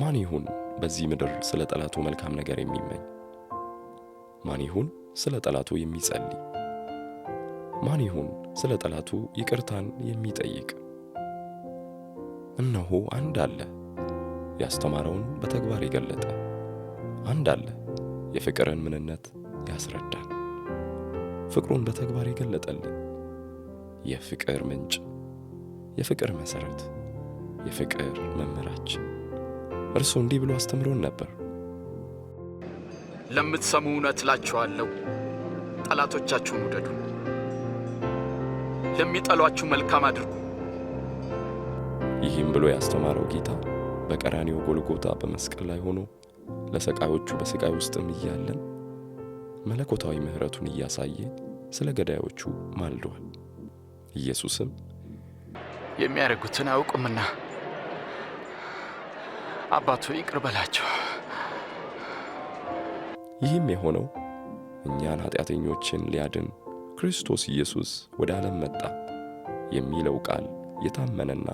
ማን ይሁን በዚህ ምድር ስለ ጠላቱ መልካም ነገር የሚመኝ? ማን ይሁን ስለ ጠላቱ የሚጸልይ? ማን ይሁን ስለ ጠላቱ ይቅርታን የሚጠይቅ? እነሆ አንድ አለ፣ ያስተማረውን በተግባር የገለጠ አንድ አለ፣ የፍቅርን ምንነት ያስረዳን፣ ፍቅሩን በተግባር የገለጠልን የፍቅር ምንጭ፣ የፍቅር መሰረት፣ የፍቅር መምህራችን እርሱ እንዲህ ብሎ አስተምሮን ነበር። ለምትሰሙ እውነት እላችኋለሁ፣ ጠላቶቻችሁን ውደዱ፣ ለሚጠሏችሁ መልካም አድርጉ። ይህም ብሎ ያስተማረው ጌታ በቀራንዮ ጎልጎታ በመስቀል ላይ ሆኖ ለሰቃዮቹ በስቃይ ውስጥም እያለን መለኮታዊ ምሕረቱን እያሳየ ስለ ገዳዮቹ ማልደዋል። ኢየሱስም የሚያደርጉትን አያውቁምና አባቱ ይቅር በላቸው። ይህም የሆነው እኛን ኃጢአተኞችን ሊያድን ክርስቶስ ኢየሱስ ወደ ዓለም መጣ የሚለው ቃል የታመነና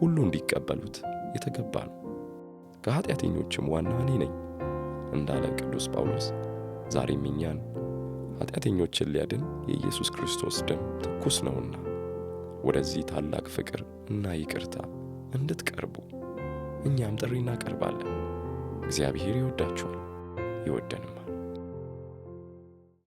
ሁሉ እንዲቀበሉት የተገባ ነው። ከኃጢአተኞችም ዋና እኔ ነኝ እንዳለ ቅዱስ ጳውሎስ ዛሬም እኛን ኃጢአተኞችን ሊያድን የኢየሱስ ክርስቶስ ደም ትኩስ ነውና ወደዚህ ታላቅ ፍቅር እና ይቅርታ እንድትቀርቡ እኛም ጥሪ እናቀርባለን። እግዚአብሔር ይወዳችኋል፣ ይወደንማ።